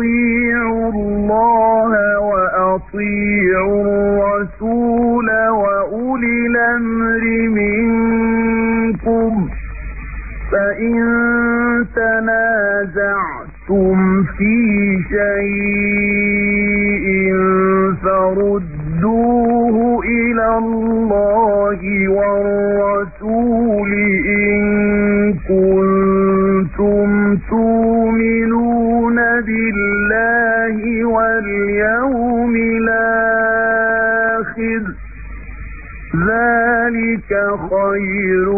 أطيعوا الله وأطيعوا الرسول وأولي الأمر منكم فإن تنازعتم في شيء فردوه إلى الله والرسول إن كنتم تؤمنون بالله واليوم الآخر ذلك خير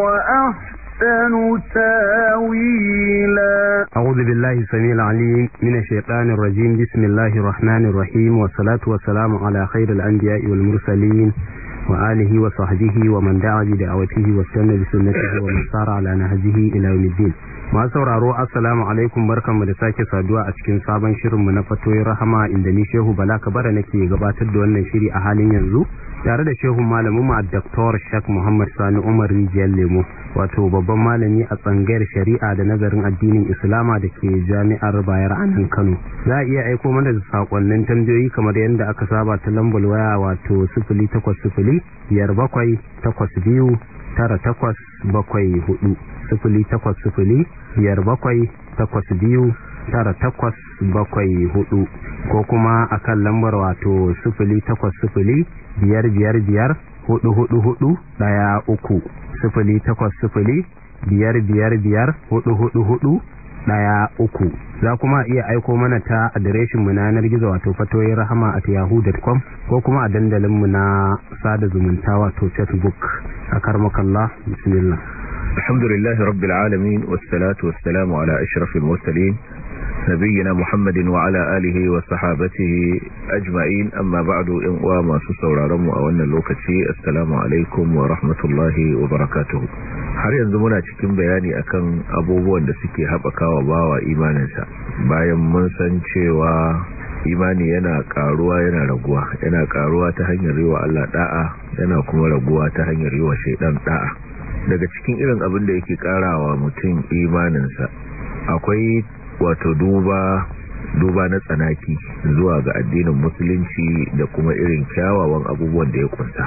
وأحسن تاويلا أعوذ بالله السميع العليم من الشيطان الرجيم بسم الله الرحمن الرحيم والصلاة والسلام على خير الأنبياء والمرسلين وآله وصحبه ومن دعا بدعوته واستنى بسنته ومن سار على نهجه إلى يوم الدين masu sauraro assalamu alaikum barkanmu da sake saduwa a cikin sabon mu na fatoyin rahama inda ni shehu bala kabara nake gabatar da wannan shiri a halin yanzu tare da shehu malamin mu Dr. Shak Muhammad Sani Umar Rijiyar Lemo wato babban malami a tsangayar shari'a da nazarin addinin Islama da ke jami'ar Bayar anan Kano za a iya aiko mana da sakonnin tambayoyi kamar yadda aka saba ta lambar waya wato takwas biyu. tara takwas bakwai hudu sufuli takwas biyar bakwai takwas biyu tara takwas bakwai hudu ko kuma akan lambar wato sifili takwas sufuli biyar biyar biyar hudu hudu daya uku sifili takwas sufuli biyar biyar biyar hudu hudu hudu daya uku za kuma iya aiko mana ta adireshin mu na yanar gizo wato fatoyin rahama at yahoo.com ko kuma a dandalin mu na sada zumunta wato facebook akarmakallah bismillah alhamdulillah rabbil alamin wassalatu wassalamu ala ashrafil mursalin nabiyina muhammadin wa ala alihi wa sahabatihi ajma'in amma ba'du in uwa masu sauraron mu a wannan lokaci assalamu alaikum wa rahmatullahi wa barakatuh har yanzu muna cikin bayani akan abubuwan da suke haɓakawa bawa imaninsa bayan mun san cewa imani yana karuwa yana raguwa yana karuwa ta hanyar yi wa Allah da'a yana kuma raguwa ta hanyar yi wa shaidan da'a daga cikin irin abin da yake karawa mutum imaninsa akwai wato duba duba na tsanaki zuwa ga addinin musulunci da kuma irin kyawawan abubuwan da ya kunsa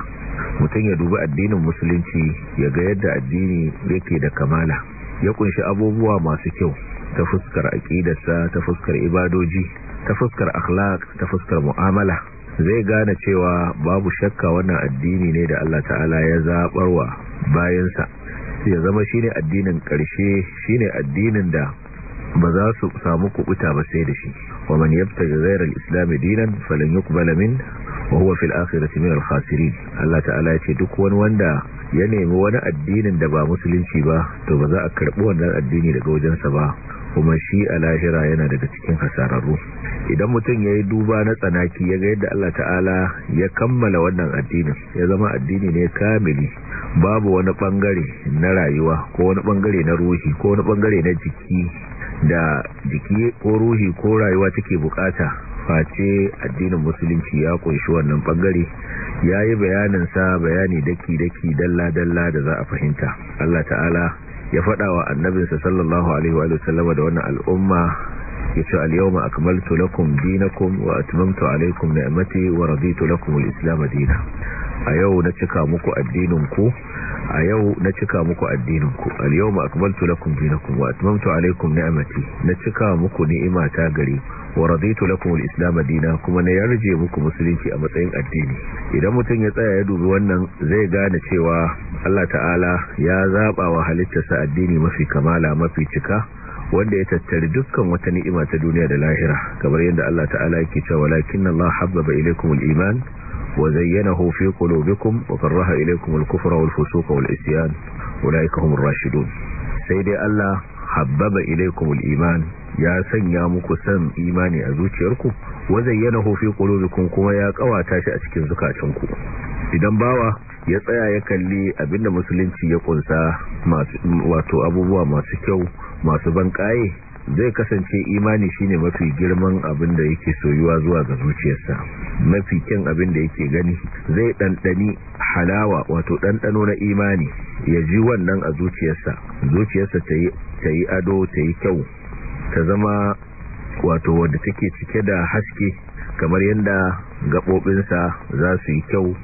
mutum ya dubi addinin musulunci ya ga yadda addini yake da kamala ya kunshi abubuwa masu kyau ta fuskar aƙidarsa ta fuskar ibadoji ta fuskar akhlaq ta fuskar mu'amala zai gane cewa babu shakka wannan addini ne da Allah ta'ala ya zaɓarwa bayansa ya zama shine addinin karshe shine addinin da ba za su samu kuɓuta ba sai da shi ومن يبتغي غير الإسلام دينا فلن يقبل منه وهو في الآخرة من الخاسرين الله تعالى يتي duk wani wanda ya nemi wani addinin da ba musulunci ba to ba za a karbi wannan addini daga wajensa ba kuma shi a lahira yana daga cikin hasararru idan mutum ya yi duba na tsanaki ya ga yadda Allah ta'ala ya kammala wannan addinin ya zama addini ne kamili babu wani bangare na rayuwa ko wani bangare na ruhi ko wani bangare na jiki da jiki ko ruhi ko rayuwa take bukata face addinin musulunci ya kunshi wannan bangare ya yi sa bayani daki-daki dalla-dalla da za a fahimta Allah ta'ala ya fada wa annabinsa sallallahu alaihi wa sallama da wannan al'umma ya ce al-yawma akmaltu lakum dinakum wa atmamtu alaikum ni'mati wa raditu lakum al-islam dinan a yau na cika muku addinin ku a yau na cika muku addininku al-yawma akmaltu lakum dinakum wa atmamtu alaykum ni'mati na cika muku ni'ima ta gari wa raditu lakum al-islam dinan kuma na yarje muku musulunci a matsayin addini idan mutum ya tsaya ya dubi wannan zai gane cewa Allah ta'ala ya zaba wa halittarsa addini mafi kamala mafi cika wanda ya tattari dukkan wata ni'ima ta duniya da lahira kamar yadda Allah ta'ala yake cewa walakinna Allah habbaba ilaykum iman وزينه في قلوبكم وكره إليكم الكفر والفسوق والإسيان أولئك هم الراشدون سيدي الله حبب إليكم الإيمان ya sanya muku san imani a zuciyarku wazayyanahu fi qulubikum kuma ya kawata shi a cikin zukatanku idan bawa ya tsaya ya kalli abinda musulunci ya ƙunsa wato abubuwa masu kyau masu banƙaye. zai kasance imani shine mafi girman abin da yake soyuwa zuwa ga zuciyarsa mafi kyan abin da yake gani zai ɗanɗani halawa wato ɗanɗano na imani ya ji wannan a zuciyarsa zuciyarsa ta yi ado ta yi kyau ta zama wato wadda take cike da haske kamar yadda gaɓoɓinsa za su yi kyau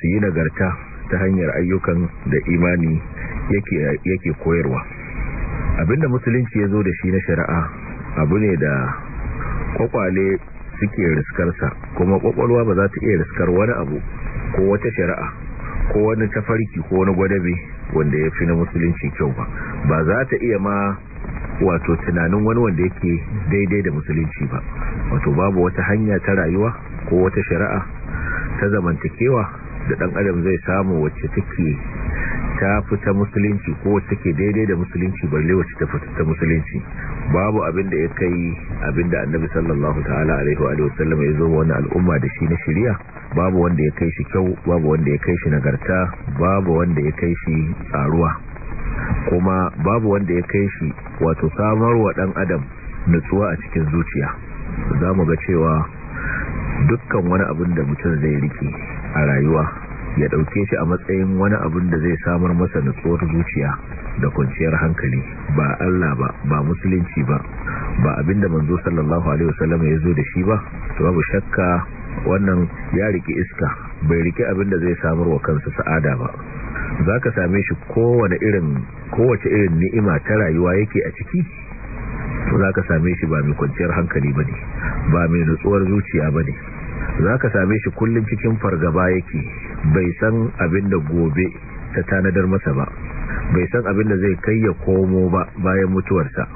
su yi nagarta ta hanyar ayyukan da imani yake koyarwa abinda musulunci ya zo da shi na shari'a abu ne da kwakwale suke riskarsa kuma kwakwalwa ba za ta iya riskar wani abu ko wata shari'a ko wani tafarki ko wani gwadabe wanda ya fi na musulunci kyau ba ba za ta iya ma wato tunanin wani wanda yake daidai da musulunci ba wato babu wata hanya ta rayuwa ko wata shari'a ta zamantakewa da dan adam zai samu wacce take ta fita musulunci ko wacce ke daidai da musulunci balle wacce ta fita ta musulunci babu abin da ya kai abin annabi sallallahu ta'ala alaihi wa ya zo wani al'umma da shi na shari'a babu wanda ya kai shi kyau babu wanda ya kai shi nagarta babu wanda ya kai shi tsaruwa kuma babu wanda ya kai shi wato samarwa dan adam nutsuwa a cikin zuciya za mu ga cewa dukkan wani abin da mutum zai riki a rayuwa ya dauke shi a matsayin wani abin da zai samar masa nutsuwar zuciya da kwanciyar hankali ba Allah ba ba musulunci ba ba abinda manzo sallallahu alaihi wasallam ya zo da shi ba to babu shakka wannan ya rike iska bai rike abin da zai samar wa kansa sa'ada ba zaka same shi kowane irin kowace irin ni'ima ta rayuwa yake a ciki to zaka same shi ba mai kwanciyar hankali bane ba mai nutsuwar zuciya bane za ka same shi kullum cikin fargaba yake bai san abin da gobe ta tanadar masa ba bai san abin da zai kai ya komo ba bayan mutuwarsa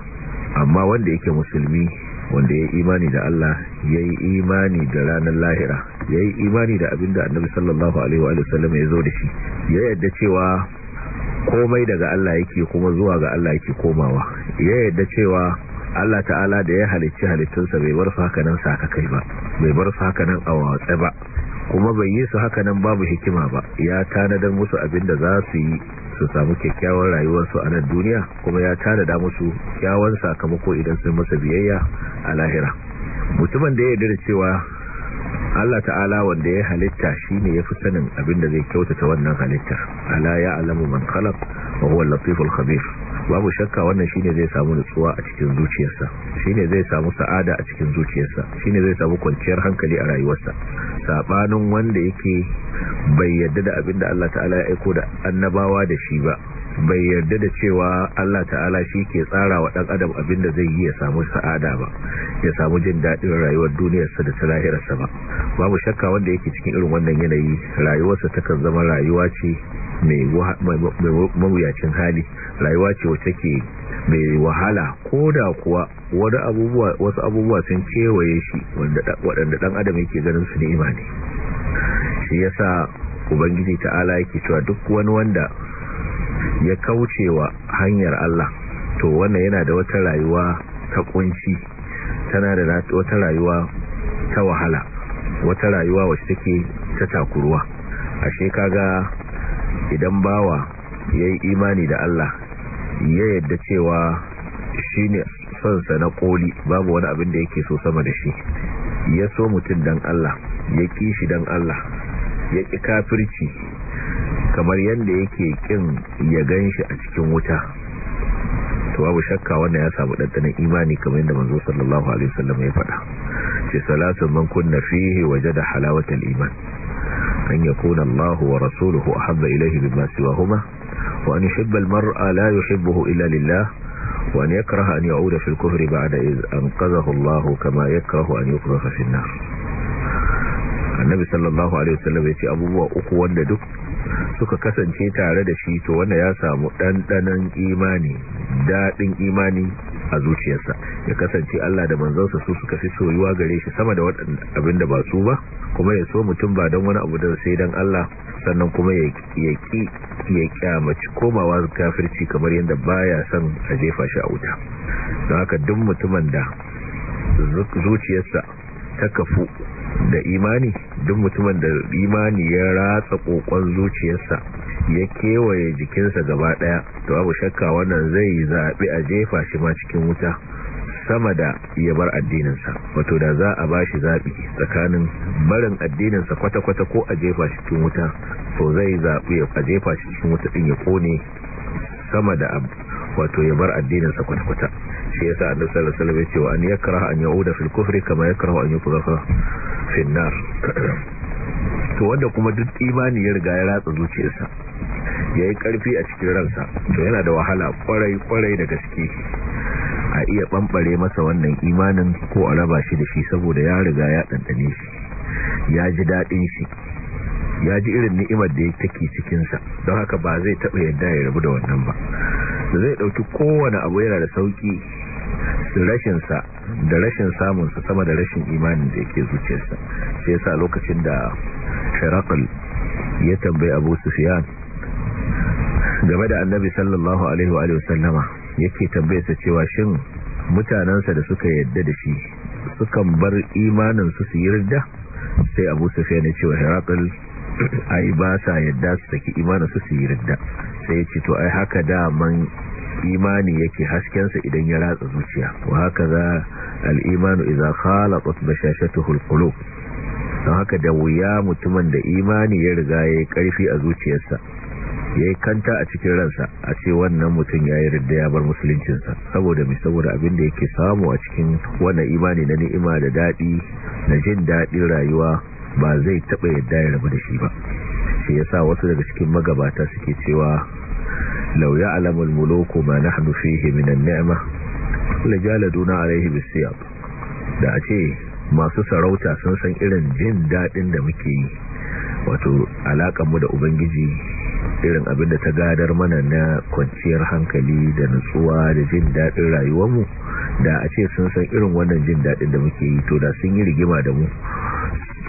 amma wanda yake musulmi wanda ya imani da Allah ya yi imani da ranar lahira ya yi imani da abin da annabi sallallahu alaihi wa sallam ya zo da shi ya yadda cewa komai daga Allah yake kuma zuwa ga Allah yake komawa ya yadda cewa Allah ta'ala da ya halicci halittunsa bai bar su hakanan sakakai ba bai bar su hakanan a watsa ba kuma bai yi su haka nan babu hikima ba ya tanadar musu abin da za su yi su samu kyakkyawar rayuwarsu a nan duniya kuma ya tanada musu kyawun sakamako idan sun masa biyayya a lahira mutumin da ya yarda cewa Allah ta'ala wanda ya halitta shi ne ya fi sanin abin da zai kyautata wannan halittar ala ya alamu man khalaq wa huwa latiful khabir babu shakka wannan shine zai samu nutsuwa a cikin zuciyarsa shine zai samu sa'ada a cikin zuciyarsa shine zai samu kwanciyar hankali a rayuwarsa sabanin wanda yake bai yarda da abin da Allah ta'ala ya aiko da annabawa da shi ba bai yarda da cewa Allah ta'ala shi ke tsara wa ɗan adam abin da zai yi ya samu sa'ada ba ya samu jin daɗin rayuwar duniyarsa da ta sa ba babu shakka wanda yake cikin irin wannan yanayi rayuwarsa takan zama rayuwa ce mai mawuyacin hali rayuwa ce wacce ke mai wahala ko da kuwa wasu abubuwa sun kewaye shi waɗanda ɗan adam yake ganin su ni'ima ne shi yasa ubangiji ala yake cewa duk wani wanda ya kauce wa hanyar Allah to wannan yana da wata rayuwa ta kunci tana da wata rayuwa ta wahala wata rayuwa wacce take ta takuruwa ashe kaga idan bawa ya yi imani da Allah ya yadda cewa shi ne sonsa na koli babu wani abin da yake so sama da shi ya so mutum don Allah ya ƙi shi don Allah ya ƙi kafirci kamar yadda yake ƙin ya gan shi a cikin wuta to babu shakka wanda ya samu ɗanɗanin imani kamar yadda manzo sallallahu alaihi wasallam ya faɗa ce salatun man kunna fihi da halawatal iman أن يكون الله ورسوله أحب إليه مما سواهما وأن يحب المرء لا يحبه إلا لله وأن يكره أن يعود في الكهر بعد إذ أنقذه الله كما يكره أن يقذف في النار النبي صلى الله عليه وسلم يتي أبوه uku لدك suka kasance tare da shi to wanda ya samu dandanan imani dadin imani a zuciyarsa ya kasance Allah da manzansa su suka fi soyuwa gare shi sama da abin da ba su ba kuma ya so mutum ba don wani abu da sai don Allah sannan kuma ya ki ya kyamaci komawa kafirci kamar yadda baya son a jefa shi a wuta don haka duk mutumin da zuciyarsa ta kafu da imani duk mutumin da imani ya ratsa kokon zuciyarsa ya kewaye jikinsa gaba daya to abu shakka wannan zai yi zaɓi a jefa shi ma cikin wuta sama da ya bar addininsa wato da za a ba shi zaɓi tsakanin barin addininsa kwata-kwata ko a jefa shi cikin wuta to zai yi zaɓi a jefa shi cikin wuta ɗin ya ƙone sama da abu wato ya bar addininsa kwata-kwata shi ya sa sallallahu alaihi da ya cewa an an kara an yauda da kufri kama kara an yi kuzafa finnar. to wanda kuma duk imani ya riga ya ratsa zuciyarsa ya yi ƙarfi a cikin ransa to yana da wahala kwarai-kwarai da gaske a iya ɓamɓare masa wannan imanin ko a raba shi da shi saboda ya riga ya ɗanɗane shi ya ji daɗin shi ya ji irin ni'imar da ya take cikinsa don haka ba zai taɓa yadda ya rabu da wannan ba da zai ɗauki kowane abu yana da sauƙi rashinsa da rashin samunsa sama da rashin imanin da yake zuciyarsa shi yasa lokacin da shirakul ya tambayi abu sufiyan game da annabi sallallahu alaihi wa sallama yake tambayarsa cewa shin mutanensa da suka yadda da shi sukan bar imanin su su yarda sai abu ya ce cewa herakl ai ba sa yadda su saki imanin su yarda sai ya ce to ai haka daman imani yake haskensa idan ya ratsa zuciya wa haka za al'imanu iza khalaqat bashashatuhul qulub don haka da wuya mutumin da imani ya riga ya yi karfi a zuciyarsa ya yi kanta a cikin ransa a ce wannan mutum ya yi ridda ya bar musuluncinsa saboda mai saboda abin da yake samu a cikin wannan imani na ni'ima da daɗi na jin daɗin rayuwa ba zai taɓa yadda ya rabu da shi ba shi sa wasu daga cikin magabata suke cewa lauya alamul muloko ma nahnu fihi minan ni'ma la jaladuna alaihi bisiyab da a ce masu sarauta sun san irin jin daɗin da muke yi wato alaƙanmu da ubangiji irin abin da ta gadar mana na kwanciyar hankali da nutsuwa da jin daɗin rayuwar mu da a ce sun san irin wannan jin daɗin da muke yi to da sun yi rigima da mu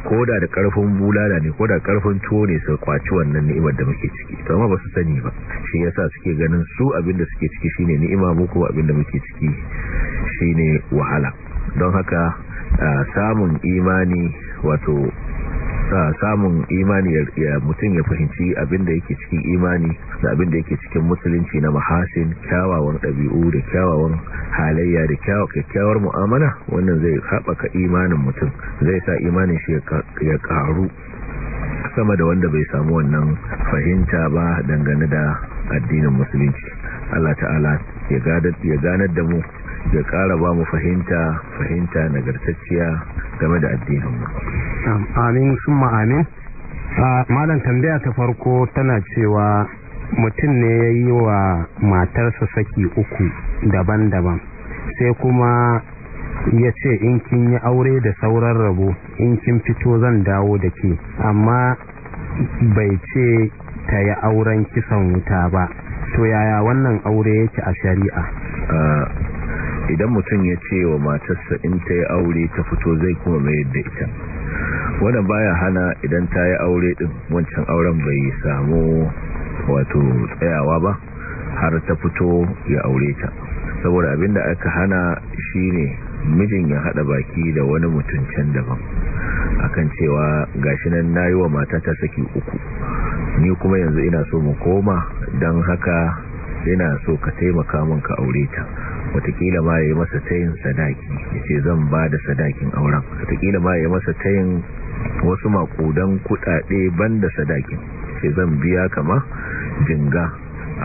ko da da karfin bulala ne ko da karfin tuwo ne su kwaci wannan ni'imar da muke ciki to amma ba su sani ba shi yasa suke ganin su abin da suke ciki shine ni'ima mu kuma abin da muke ciki shine wahala don haka samun imani wato samun imani ya mutum ya fahimci abinda yake cikin imani da abinda yake cikin musulunci na mahasin kyawawan ɗabi'u da kyawawan halayya da kyakkyawar mu'amala wannan zai haɓaka imanin mutum zai sa imanin shi ya ƙaru sama da wanda bai samu wannan fahimta ba dangane da addinin musulunci Allah ta'ala ya ganar da mu da ƙara ba mu fahimta fahimta nagartacciya game da addininmu amin sun ma'amin malam tambaya ta farko tana cewa mutum ne ya yi wa matarsa saki uku daban-daban sai kuma ya ce in kin yi aure da sauran rabo in kin fito zan dawo da ke amma bai ce ta yi auren kisan wuta ba to yaya wannan aure yake a shari'a idan mutum ya ce wa matarsa in ta yi aure ta fito zai kuma mai yadda ita wanda baya hana idan ta yi aure din wancan auren bai samu wato tsayawa ba har ta fito ya aure ta saboda abin da aka hana shine mijin ya haɗa baki da wani mutum can daban akan cewa gashi nan yi wa mata ta saki uku ni kuma yanzu ina so mu koma don haka ina so ka taimaka mun ka aure ta watakila ma ya yi masa tayin sadaki ya ce zan ba da sadakin auren watakila ma ya yi masa tayin wasu makudan kudade ban da sadakin ce zan biya kama jinga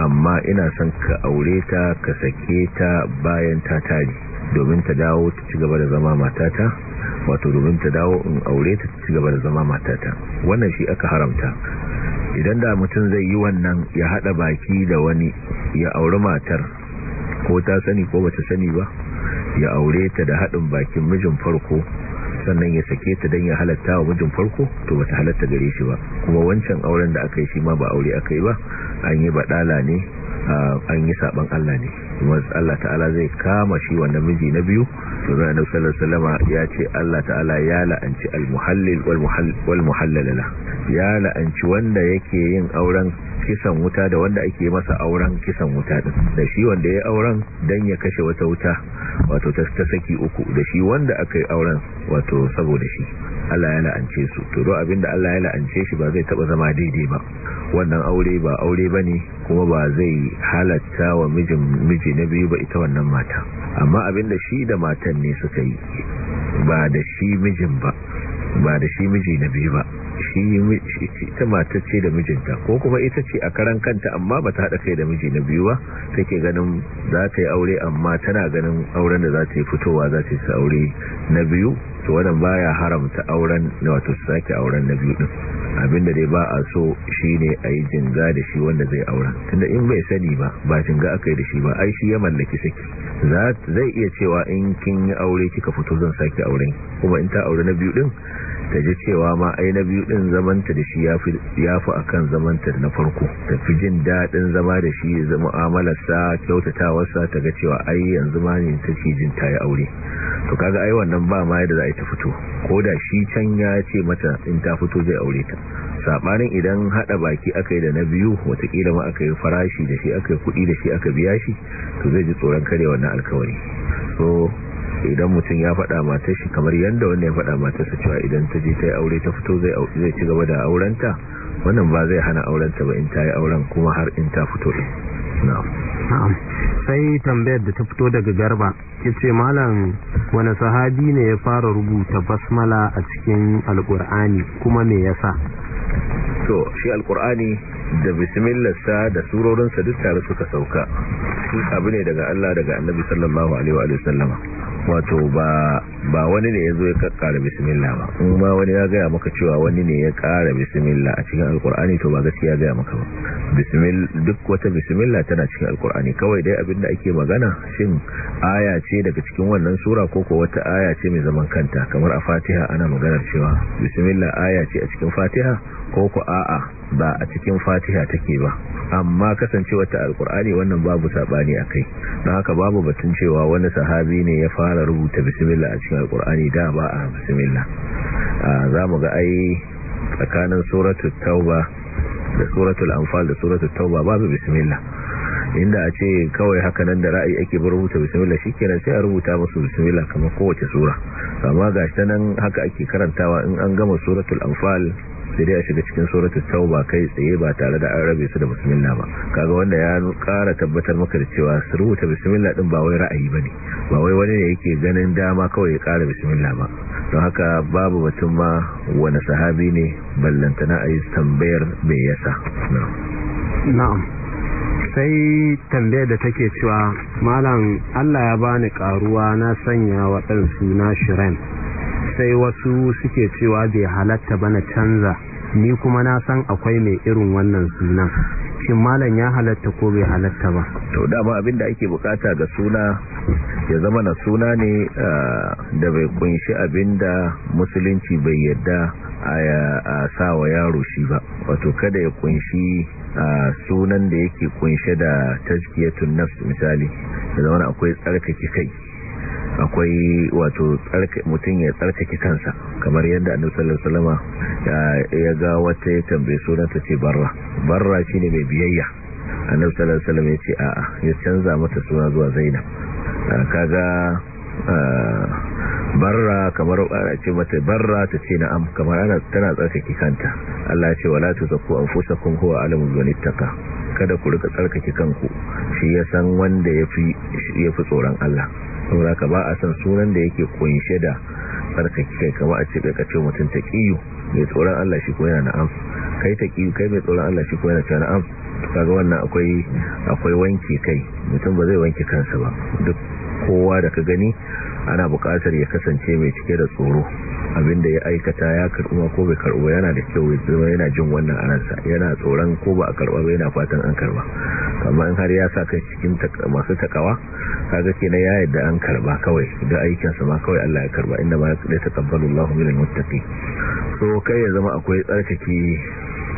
amma ina son ka aure ta ka sake ta bayan ta tari domin ta dawo ta ci gaba da zama matata wato domin ta dawo in aure ta ci gaba da zama matata wannan shi aka haramta idan da mutum zai yi wannan ya hada baki da wani ya auri matar ko ta sani ko bata sani ba ya aure ta da haɗin bakin mijin farko sannan ya sake ta don ya halatta wa mijin farko to bata halatta gare shi ba kuma wancan auren da aka yi shi ma ba aure aka yi ba an yi baɗala ne an yi saban Allah ne kuma Allah ta'ala zai kama shi wannan miji na biyu domin annabi ya ce Allah ta'ala ya la'anci al-muhallil ya la'anci wanda yake yin auren kisan wuta da wanda ake masa auren kisan wuta da shi wanda ya auren dan ya kashe wata wuta wato ta saki uku da shi wanda aka yi auren wato saboda shi Allah ya la'ance su to abinda Allah ya la'ance shi ba zai taba zama daidai ba wannan aure ba aure ne kuma ba zai halatta wa miji na biyu ba ita wannan mata amma abinda shi da mata matan ne suka yi ba da shi mijin ba ba da shi miji na biyu ba shi ta ce da mijinta ko kuma ita ce a karan kanta amma ba ta haɗa kai da miji na biyu ba take ganin za ta yi aure amma tana ganin auren da za ta yi fitowa za ta yi aure na biyu to wannan baya haramta auren na wato sake auren na biyu din abinda dai ba a so shine a yi jinga da shi wanda zai aura tunda in bai sani ba ba jinga aka yi da shi ba ai shi ya mallaki saki zai iya cewa in kin yi aure kika fito zan sake auren kuma in ta aure na biyu din ta ji cewa ma ai na biyu din zamanta da shi ya fi a kan zamanta ta na farko ta fi jin daɗin zama da shi kyautata kyautatawarsa ta ga cewa ai yanzu ma ne ta ce jin ta yi aure to kaga ai wannan ba ma yadda za a yi ta fito ko da shi can ya ce mata in ta fito zai aure ta saɓanin idan haɗa baki aka yi da na biyu wataƙila ma aka yi farashi da shi aka yi kuɗi da shi aka biya shi to zai ji tsoron karewa na alkawari so idan mutum ya faɗa matar shi kamar yadda wanda ya faɗa matarsa cewa idan ta je ta yi aure ta fito zai ci gaba da aurenta wannan ba zai hana aurenta ba in ta yi auren kuma har in ta fito ɗin sai tambayar da ta fito daga garba ya ce malam wani sahabi ne ya fara rubuta basmala a cikin alkur'ani kuma me yasa to shi alkur'ani da bismillarsa da surorinsa duk tare suka sauka abu ne daga Allah daga annabi sallallahu alaihi wa sallama wato ba wani ne ya zo ya kakkara bismillah ba in ma wani ya gaya maka cewa wani ne ya kara bismillah a cikin alkur'ani to ba gaskiya gaya maka ba duk wata bismillah tana cikin alkur'ani kawai dai abin da ake magana shin aya ce daga cikin wannan sura ko ko wata aya ce mai zaman kanta kamar a fatiha ana maganar cewa bismillah aya ce a cikin fatiha ko ko a'a ba a cikin fatiha take ba amma kasancewa ta alkur'ani wannan babu sabani akai don haka babu batun cewa wani sahabi ne ya fara rubuta bismillah a cikin alkur'ani da ba a bismillah za mu ga ai tsakanin suratul tauba da suratul anfal da suratul tauba babu bismillah inda a ce kawai haka nan da ra'ayi ake bar rubuta bismillah shikenan sai a rubuta musu bismillah kamar kowace sura amma gashi ta nan haka ake karantawa in an gama suratul anfal sai dai a shiga cikin suratul tauba kai tsaye ba tare da an rabe su da bismillah ba kaga wanda ya kara tabbatar maka da cewa su rubuta bismillah din ba wai ra'ayi bane ba wai wani ne yake ganin dama kawai ya kara bismillah ba don haka babu batun ma wani sahabi ne ballantana a yi tambayar bai yasa na'am sai tambayar da take cewa malam Allah ya bani karuwa na sanya wa dan suna Shirin sai wasu suke cewa bai halatta bana canza ni kuma na san akwai mai irin wannan sunan shin malam ya halatta ko bai halatta ba to dama abinda ake bukata ga suna ya zama na suna ne da bai kunshi abinda musulunci bai yadda a sawa yaro shi ba wato kada ya kunshi sunan da yake kunshe da tazkiyatun nafs misali da zama akwai tsarkake kai akwai wato mutum ya tsarkake kansa kamar yadda annabi sallallahu alaihi eh, ya ga wata ya tambaye sunanta ce barra barra shine mai biyayya annabi sallallahu alaihi ya ce a'a ya canza mata suna zuwa zainab eh, kaga eh, barra kamar a ce mata barra ta ce na'am kamar ana tana tsarkake kanta Allah ce wala zakku anfusakum huwa alamul wanittaka kada ku rika tsarkake kanku shi ya san wanda yafi yafi tsoron Allah saboda ka ba a san sunan da yake kunshe da tsarkake kai kama a ce kakace mutum ta kiyu mai tsoron Allah shi ko yana na'am kai ta kai mai tsoron Allah shi ko yana na'am kaga wannan akwai akwai wanke kai mutum ba zai wanke kansa ba duk kowa da ka gani ana buƙatar ya kasance mai cike da tsoro abin da ya aikata ya karɓa ko bai karɓa yana da kyau ya zama yana jin wannan a yana tsoron ko ba a karɓa ba yana fatan an karba amma in har ya sa kai cikin masu takawa kaga kenan ya yadda an karba kawai da aikinsa ma kawai Allah ya karba inda ma ya taqabbalu Allahu minal muttaqin so kai ya zama akwai tsarkake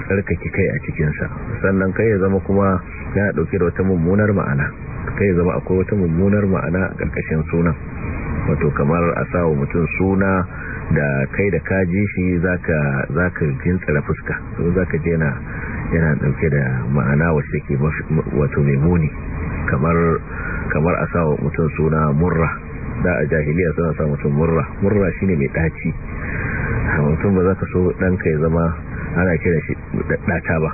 tsarkake kai a cikinsa sannan kai ya zama kuma yana dauke da wata mummunar ma'ana kai ya zama akwai wata mummunar ma'ana a ƙarƙashin sunan wato kamar a sawa mutum suna da kai da ka kaji shi zaka zaka jintsara fuska su zaka je na yana dauke da ma'ana wacce ke wato memoni kamar kamar a sawa mutum suna murra da a jahiliya suna sa mutum murra murra shine mai ɗaci mutum ba za ka so ɗanka ya zama ana kira shi ɗata ba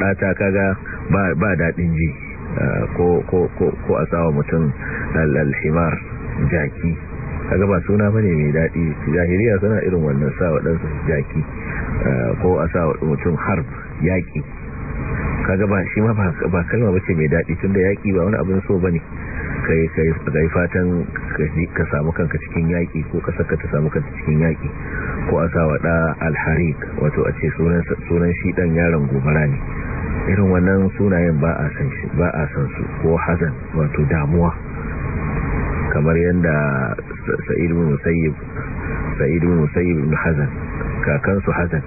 ɗata kaga ba daɗin ji eh, ko a sawa mutum alhimar jaki kaga ba suna bane mai daɗi jahiliya suna irin wannan sa waɗansu jaki eh, ko a sa mutum harb yaƙi kaga ba shi ma ba kalma bace mai daɗi tunda yaƙi ba wani abin so bane kai kai kai fatan ka samu kanka cikin yaƙi ko ka saka ta samu kanka cikin yaƙi ko a sa waɗa alharik wato a ce sunan shi dan yaron gobara ne irin wannan sunayen ba a san ba a san su ko hazan wato damuwa kamar yadda sa'id bin musayyib sa'id bin musayyib ibn hazan kakan su hazan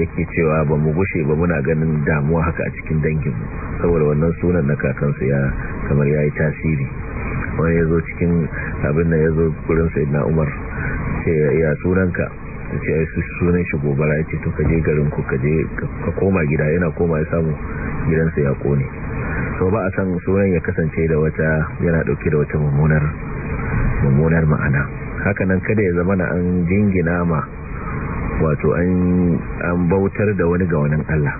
yake cewa ba mu gushe ba muna ganin damuwa haka a cikin dangin saboda wannan sunan na kakansu ya kamar yayi tasiri wani yazo cikin abin da yazo gurin na Umar ce ya sunanka ce ai sunan shi gobara yace to kaje garin ku kaje ka koma gida yana koma ya samu gidansa ya kone so ba a san sunan ya kasance da wata yana dauke da wata mummunar mummunar ma'ana hakanan kada ya zama na an jingina ma wato an bautar da wani ga wani Allah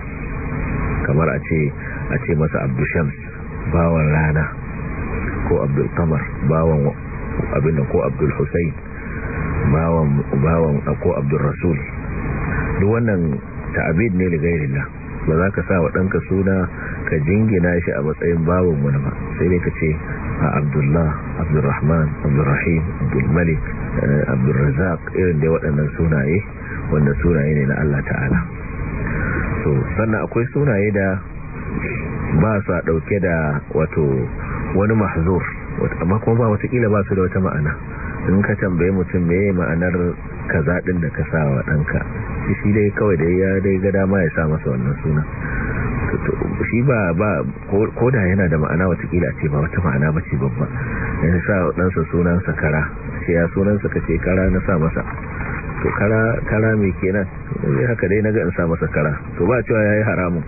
kamar a ce a ce masa abdushams bawan rana ko abdul kamar bawan abinda ko abdul husayn bawan ko abdul rasul duk wannan ta'abid ne li ghairillah ba za ka sa wa ɗanka suna ka jingina shi a matsayin bawon wani ba sai dai ka ce abdullah abdurrahman abdurrahim abdulmalik eh, abdurrazak irin da waɗannan sunaye wanda sunaye ne na Allah ta'ala so sannan akwai sunaye da ba su a ɗauke da wato wani mahzur amma kuma ba watakila ba su da wata ma'ana in ka tambaye mutum yi ma'anar ka zaɗin da ka sa wa ɗanka shi dai kawai da ya dai ga dama ya sa masa wannan suna shi ba ba koda yana da ma'ana watakila ce ba wata ma'ana ba ce babba ya sa ɗansa sunansa kara shi ya sunansa ka ce kara na sa masa to kara mai kenan zai eh, haka dai na ga in sa masa kara to ba cewa ya yi haramun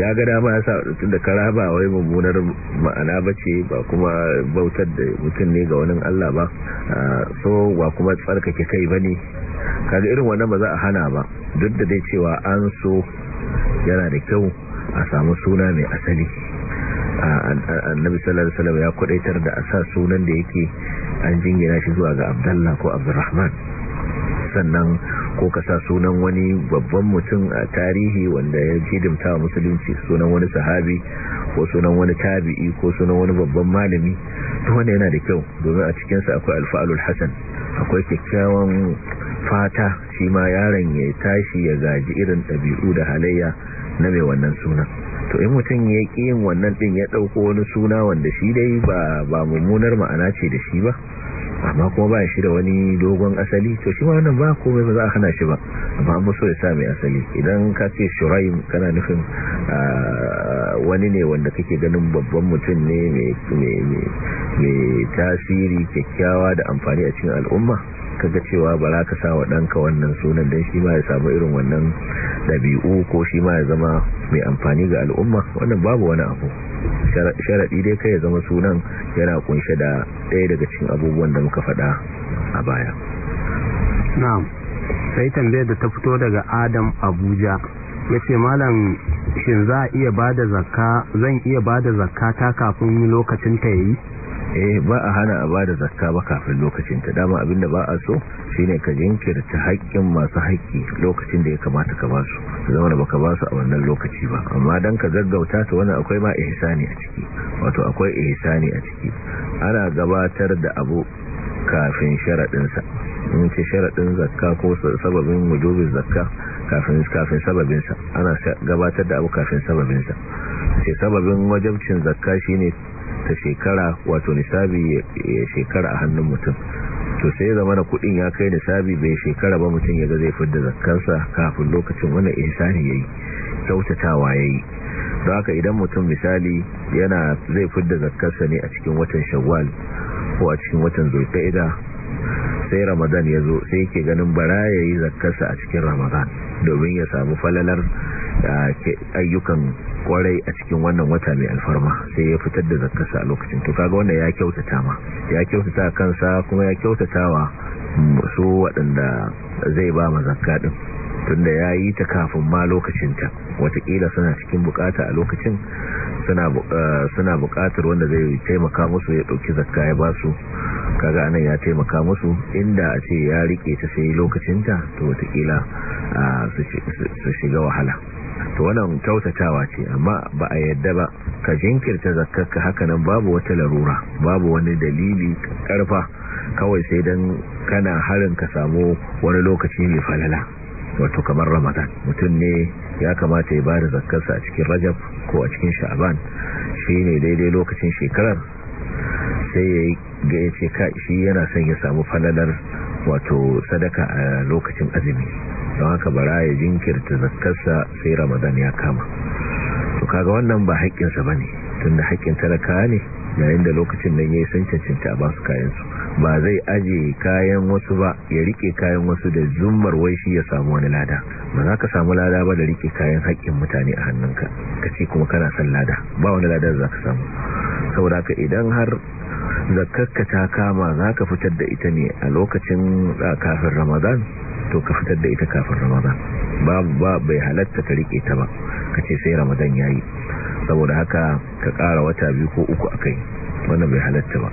ya ga dama ya sa tun da kara ba wai mummunar ma'ana ba ce ba kuma bautar da mutum ne ga wani allah ba ah, so wa kuma tsarkake kai ba ne kaga irin wannan ba za a hana ba duk da dai cewa an so yana da kyau a samu suna mai asali annabi sallallahu alaihi ya kudaitar da asa sunan da yake an jingina shi zuwa ga abdullahi ko abdurrahman sannan ko ka sa sunan wani babban mutum a tarihi wanda ya jidimta wa musulunci sunan wani sahabi ko sunan wani tabi'i ko sunan wani babban malami to wanda yana da kyau domin a cikin sa akwai alfa'alul hasan akwai kyakkyawan fata shi ma yaron ya tashi ya gaji irin ɗabi'u da halayya na mai wannan suna to in mutum ya ƙi yin wannan ɗin ya ɗauko wani suna wanda shi dai ba mummunar ma'ana ce da shi ba amma kuma ba shi da wani dogon asali to shi ma wannan ba komai ba za a hana shi ba amma an so ya sa mai asali idan ka ce shuraim kana nufin ah, wani ne wanda kake ganin babban mutum ne mai tasiri kyakkyawa da amfani a cikin al'umma kaga cewa ba za ka sa wa ɗanka wannan sunan don shi ma ya samu irin wannan ɗabi'u ko shi ma ya zama mai amfani ga al'umma wannan babu wani abu sharaɗi dai kai ya zama sunan yana kunshe da ɗaya daga cikin abubuwan da muka faɗa a baya na'am sai tambayar da ta fito daga adam abuja ya ce malam shin za a iya ba da zakka zan iya ba da zakka ta kafin lokacinta ta yi eh ba a hana a bada zakka ba kafin lokacin ta dama abinda ba a so shine ka jinkirta haƙƙin masu haƙƙi lokacin da ya kamata ka ba su zama da baka su a wannan lokaci ba amma dan ka gaggauta ta wannan akwai ma ihsani a ciki wato akwai ihsani a ciki ana gabatar da abu kafin sharaɗinsa in ce sharaɗin zakka ko sababin wujubin zakka kafin kafin sababinsa ana gabatar da abu kafin sababinsa ce sababin wajibcin zakka shine ta shekara wato nisabi ya shekara a hannun mutum to sai ya zama na kudin ya kai nisabi bai shekara ba mutum ya ga zai fidda zakkarsa kafin lokacin insani ya yayi kyautatawa yayi don haka idan mutum misali yana zai fidda zakkarsa ne a cikin watan shawwal ko a cikin watan zulqa'ida sai ramadan ya zo sai yake ganin bara yayi zakkarsa a cikin ramadan domin ya samu falalar ah, ayyukan kwarai a cikin wannan wata mai alfarma sai ya fitar da zakkarsa a lokacin to kaga wanda ya kyautata ma ya kyautata kansa kuma ya kyautatawa su waɗanda zai ba ma zakka ɗin tunda ya yi ta kafin ma lokacinta watakila suna cikin bukata a lokacin suna bukatar eh, wanda zai taimaka musu ya ɗauki zakka ya basu kaga anan ya taimaka musu inda a ce ya rike ta sai lokacinta to watakila ah, su shiga wahala to wannan kyautatawa ce amma ba a yadda ba ka jinkirta zakkarka hakanan babu wata larura babu wani dalili karfa kawai sai dan kana harin ka samu wani lokaci mai falala wato kamar ramadan mutum ne ya kamata ya bada zakkarsa a cikin rajab ko a cikin sha'aban ne daidai lokacin shekarar sai ya ga ce ka shi yana son ya samu falalar wato sadaka a lokacin azumi don haka bara ya jinkirta zakkarsa sai ramadan ya kama to kaga wannan ba haƙƙinsa ba ne tun da haƙƙin talaka ne yayin da lokacin nan ya yi san a basu kayansu ba zai aje kayan wasu ba ya rike kayan wasu da zummar wai shi ya samu wani lada ba za ka samu lada ba da rike kayan haƙƙin mutane a hannunka ka ce kuma kana san lada ba wani lada za ka samu saboda ka idan har zakarka ta kama za ka fitar da ita ne a lokacin kafin ramadan to ka fitar da ita kafin ramadan babu ba bai halatta ka rike ta ba ka ce sai ramadan yayi saboda haka ka kara wata biyu ko uku akai wannan bai halatta ba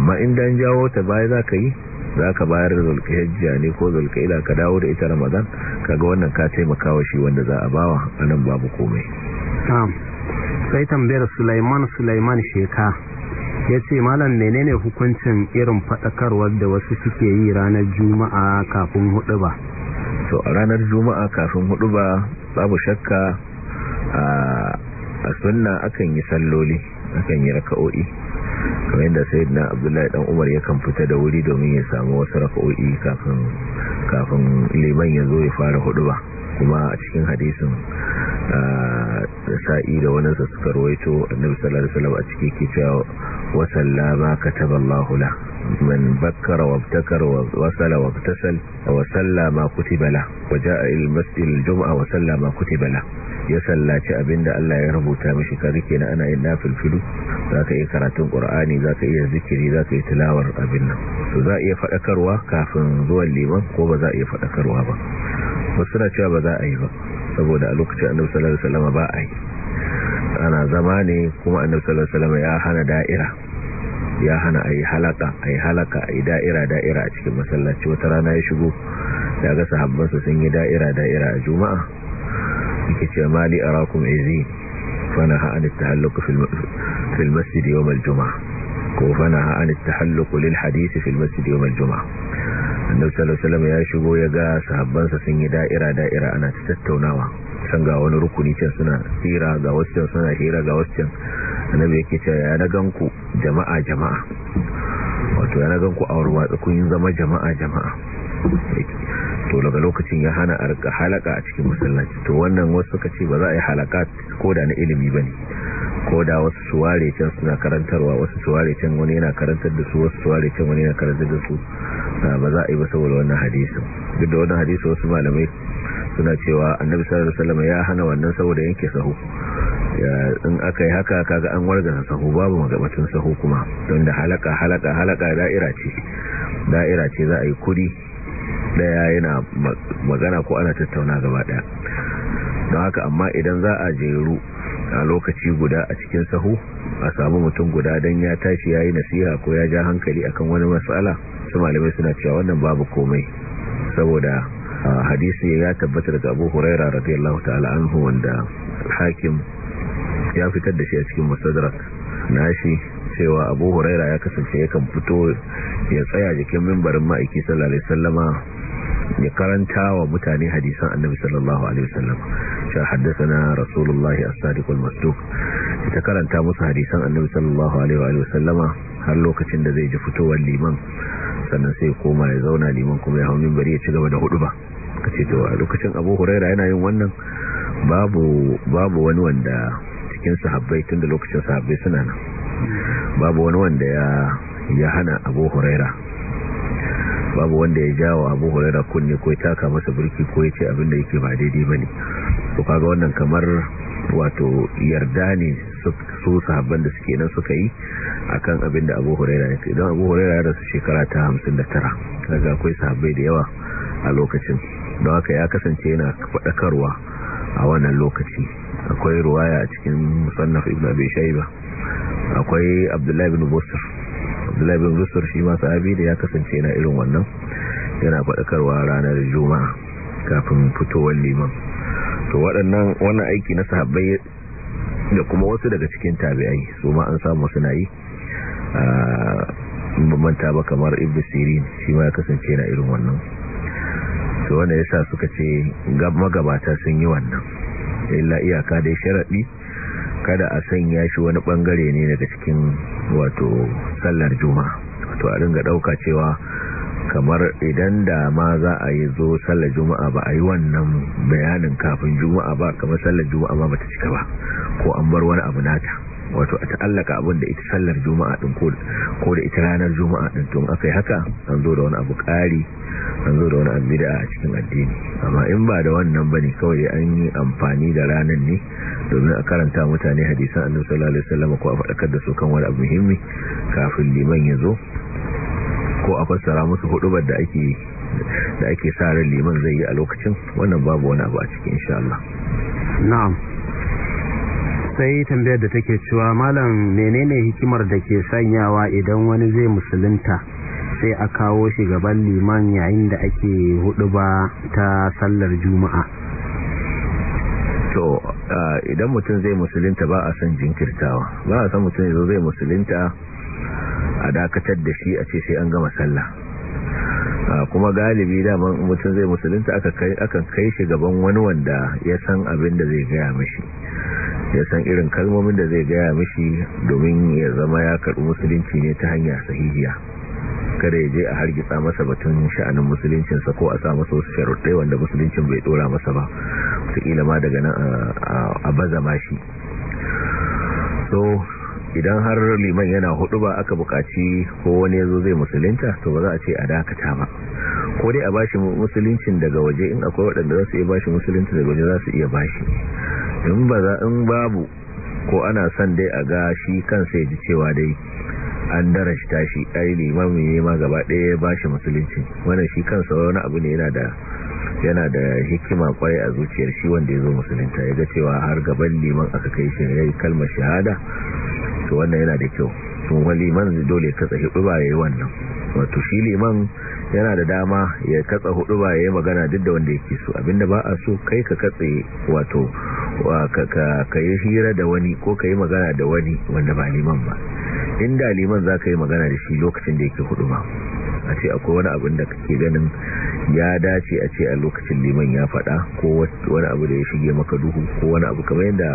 amma in dan jawo ta za ka yi za ka bayar da zulkihajjiya ne ko zulkaila ka dawo da ita ramadan kaga wannan ka taimaka wa shi wanda za a bawa anan babu komai sai tambayar sulaiman sulaiman sheka ya ce malam menene hukuncin irin faɗakarwar da wasu suke yi ranar juma'a kafin hudu ba so a ranar juma'a kafin hudu ba babu shakka a sunna akan yi salloli akan yi raka'o'i kamar yadda na abdullahi dan umar yakan fita da wuri domin ya samu wasu raka'o'i kafin kafin liman ya zo ya fara hudu ba kuma a cikin hadisin sa'i da wani sa suka rawaito annabi sallallahu alaihi wasallam a cike ke cewa wa sallama kataballahu la man bakkara wa abtakara wa sala wa abtasal wa sallama kutiba la wa jaa il jum'a wa kutiba la ya sallaci abinda Allah ya rubuta mishi kare kenan ana yin nafilfilu zaka yi karatun qur'ani zaka iya zikiri zaka yi tilawar abin nan to za iya fadakarwa kafin zuwan liman ko ba za iya fadakarwa ba wasu na cewa ba za a yi ba saboda a lokacin annabi sallallahu alaihi wasallam ba a yi ana zama ne kuma annabi sallallahu alaihi wasallam ya hana da'ira ya hana ayi halaka ayi halaka ayi da'ira da'ira a cikin masallaci wata rana ya shigo ya ga sahabbansa sun yi da'ira da'ira a juma'a yake ce mali arakum izi fana ha'an at-tahalluq fil masjid yawm al-jum'ah an ومنع عن التحلق للحديث masjid yawm al الجمعة annabi sallallahu alaihi wasallam ya shigo ya ga sahabbansa sun yi da'ira da'ira ana tattaunawa san ga wani rukuni can suna tsira ga wasu suna hira ga wasu annabi yake ce ya na ganku jama'a jama'a wato ya na ganku a warwatsa kun zama jama'a jama'a to daga lokacin ya hana arka halaka a cikin musallaci to wannan wasu suka ce ba za a yi halaka ko da na ilimi bane ko da wasu suware can suna karantarwa wasu suware can wani yana karantar da su wasu suware can wani yana karantar da su ba za a yi ba saboda wannan hadisin duk da wannan hadisi wasu malamai suna cewa annabi sallallahu alaihi wasallam ya hana wannan saboda yanke sahu in aka yi haka kaga an wargaza sahu babu magabatin sahu kuma don da halaka halaka halaka da'ira ce da'ira ce za a yi kuri daya yana magana ko ana tattauna gaba daya don haka amma idan za a jeru a lokaci guda a cikin sahu a samu mutum guda don ya tashi ya yi nasiha ko ya ja hankali akan wani matsala su malamai suna cewa wannan babu komai saboda hadisi ya tabbatar da abu huraira radiyallahu ta'ala anhu wanda hakim ya fitar da shi a cikin musadrak nashi cewa abu huraira ya kasance yakan fito ya tsaya jikin mimbarin ma'aiki sallallahu alaihi sallama ya karanta wa mutane hadisan annabi sallallahu alaihi wasallam sha haddathana rasulullahi as-sadiq al-masduq ita karanta musu hadisan annabi sallallahu alaihi har lokacin da zai ji fitowar liman sannan sai koma ya zauna liman kuma ya hau bari ya ci gaba da hudu ba kace to a lokacin Abu Huraira yana yin wannan babu babu wani wanda cikin sahabbai tunda lokacin sahabbai suna nan babu wani wanda ya ya hana Abu Huraira babu wanda ya jawo abu hurairar kunne ko ya taka masa birki ko ya ce abinda yake ba daidai ba ne su kaga wannan kamar wato yarda ne su sahabban da suke nan suka yi akan abin da abu huraira ya ce don abu huraira ya rasu shekara ta hamsin da tara daga akwai sahabbai da yawa a lokacin don haka ya kasance yana faɗakarwa a wannan lokaci akwai ruwaya a cikin musannaf ibn abi shaiba akwai abdullahi ibn abdullahi bin busur shi ma sahabi da ya kasance yana irin wannan yana faɗakarwa ranar juma'a kafin fitowar liman to waɗannan wannan aiki na sahabbai da kuma wasu daga cikin tabi'ai su ma an samu suna yi a manta ba kamar ibu sirin shi ma ya kasance yana irin wannan to wanda sa suka ce magabata sun yi wannan illa iyaka dai sharaɗi kada a sanya shi wani ɓangare ne daga cikin wato sallar juma'a to a dinga dauka cewa kamar idan da ma za a yi zo sallar juma'a ba a yi wannan bayanin kafin juma'a ba kamar sallar juma'a ba bata cika ba ko an bar wani abu nata wato a ta'allaka abin da ita sallar juma'a din ko da ita ranar juma'a din tun aka yi haka an zo da wani abu ƙari an zo da wani abu da a cikin addini amma in ba da wannan ba ne kawai an yi amfani da ranar ne domin a karanta mutane hadisan annabi sallallahu alaihi wasallam ko a faɗakar da su kan wani abu muhimmi kafin liman ya zo ko a fassara musu hudubar da ake da ake sa ran liman zai yi a lokacin wannan babu wani abu a cikin insha Allah na'am sai tambayar da take cewa malam menene hikimar da ke sanyawa idan wani zai musulunta sai a kawo shi gaban liman yayin da ake hudu ba ta sallar juma'a to idan mutum zai musulunta ba a san jinkirtawa ba a san mutum yazo zai musulunta a dakatar da shi a ce sai an gama sallah kuma galibi daman mutum zai musulunta akan kai shi gaban wani wanda ya san abin da zai gaya mashi ya san irin kalmomin da zai gaya mashi domin ya zama ya karɓi musulunci ne ta hanya sahihiya kada ya je a hargitsa masa batun sha'anin musuluncinsa ko a sa masa wasu sharuɗai wanda musuluncin bai ɗora masa ba wataƙila ma daga nan a baza shi so idan har liman yana hudu ba aka bukaci ko wani ya zo zai musulunta to ba za a ce a dakata ba ko dai a bashi musuluncin daga waje in akwai waɗanda za su iya bashi musulunci daga waje za su iya bashi in ba za in babu ko ana son dai a ga shi kansa ya ji cewa dai an darashta shi ai liman ne ma gaba ɗaya ya bashi musulunci wannan shi kansa wani abu ne yana da yana da hikima kwarai a zuciyar shi wanda ya zo musulunta ya ga cewa har gaban liman aka kai shi ya yi kalmar shahada to wannan yana da kyau wani liman dole katsa hudu ba ya yi wannan wato shi liman yana da dama ya katsa hudu ba ya yi magana duk da wanda yake so abinda ba a so kai ka katse wato ka yi hira da wani ko ka yi magana da wani wanda ba liman ba inda liman za ka yi magana da shi lokacin da yake hudu ba a ce akwai wani abin da kake ganin ya dace a ce a lokacin liman ya faɗa ko wani abu da ya shige maka duhu ko wani abu kamar yadda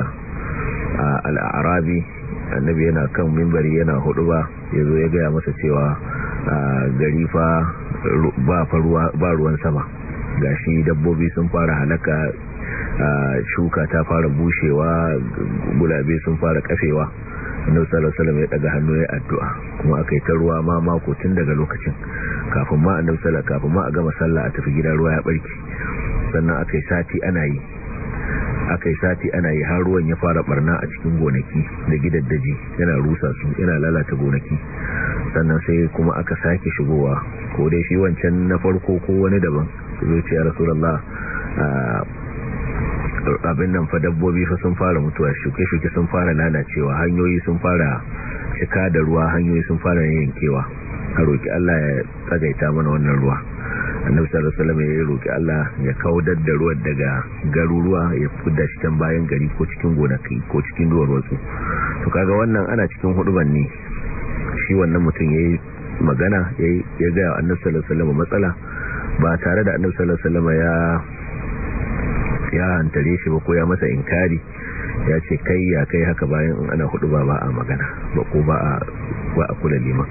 al'arabi annabi yana kan mimbari yana hudu ba ya zo ya gaya masa cewa gari fa ba ruwan sama ga shi dabbobi sun fara halaka shuka ta fara bushewa gulabe sun fara kafewa annabi sallallahu alaihi wasallam ya daga hannu ya addu'a kuma akai ta ruwa ma mako tun daga lokacin kafin ma annabi sallallahu kafin ma a gama sallah a tafi gidan ruwa ya barki sannan akai sati ana yi akai sati ana yi har ruwan ya fara barna a cikin gonaki da gidaddaji yana rusa su yana lalata gonaki sannan sai kuma aka sake shigowa ko dai shi wancan na farko ko wani daban zai rasulullah ah, abin nan fa dabbobi fa sun fara mutuwa shuke-shuke sun fara lalacewa hanyoyi sun fara cika da ruwa hanyoyi sun fara yankewa ka roki Allah ya tsagaita mana wannan ruwa annabi sallallahu alaihi wasallam ya roki Allah ya kaudar da ruwan daga garuruwa ya fudda shi can bayan gari ko cikin gonaki ko cikin wasu. to kaga wannan ana cikin huduban ne shi wannan mutum yayi magana ya ga annabi sallallahu alaihi wasallam matsala ba tare da annabi sallallahu alaihi wasallam ya ya hantare shi ba ko ya masa inkari ya ce kai ya kai haka bayan ana hudu ba ba a magana ba ko ba a kula liman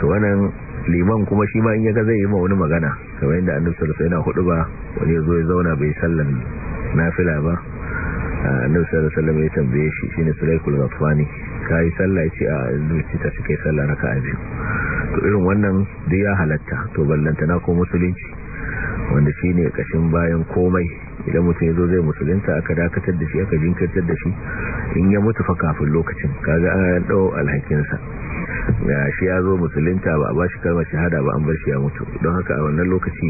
to wannan liman kuma shi ma in yaga zai yi ma wani magana kamar yadda annabi sallallahu alaihi wasallam hudu ba wani ya zo ya zauna bai sallan nafila ba annabi sallallahu alaihi wasallam ya tambaye shi shine sulaikul ghafwani kai sallah ce a zuci ta shi kai sallah raka'a biyu to irin wannan duk ya halatta to ballanta na ko musulunci wanda shi ne kashin bayan komai idan mutum ya zo zai musulunta aka dakatar da shi aka jinkirtar da shi in ya mutu fa kafin lokacin kaga an dau alhakinsa ya shi ya zo musulunta ba a ba shi kalmar shahada ba an bar shi ya mutu don haka a wannan lokaci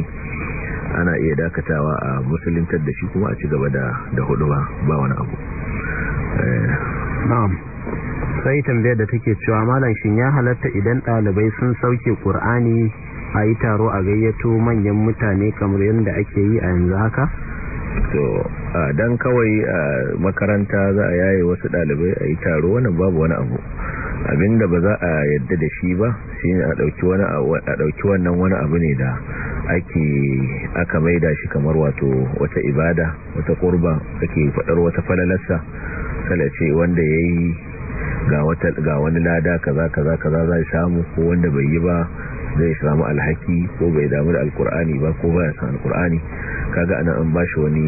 ana iya dakatawa a musuluntar da shi kuma a ci gaba da hudu ba wani abu eh. sai tambayar da take cewa malam shin ya halatta idan ɗalibai sun sauke ƙur'ani a yi taro a gayyato manyan mutane kamar yadda ake yi a yanzu haka to don kawai a makaranta za a yaye wasu dalibai a yi taro wani babu wani abu abinda ba za a yadda da shi ba shine a ɗauki a dauki wannan wani abu ne da ake aka maida shi kamar wato wata ibada wata kurba ake fadar wata falalarsa salace wanda ya yi ga wani lada kaza kaza kaza za samu ko wanda bai yi ba zai samu alhaki ko bai damu da alkur'ani ba ko baya san alkur'ani kaga ana an bashi wani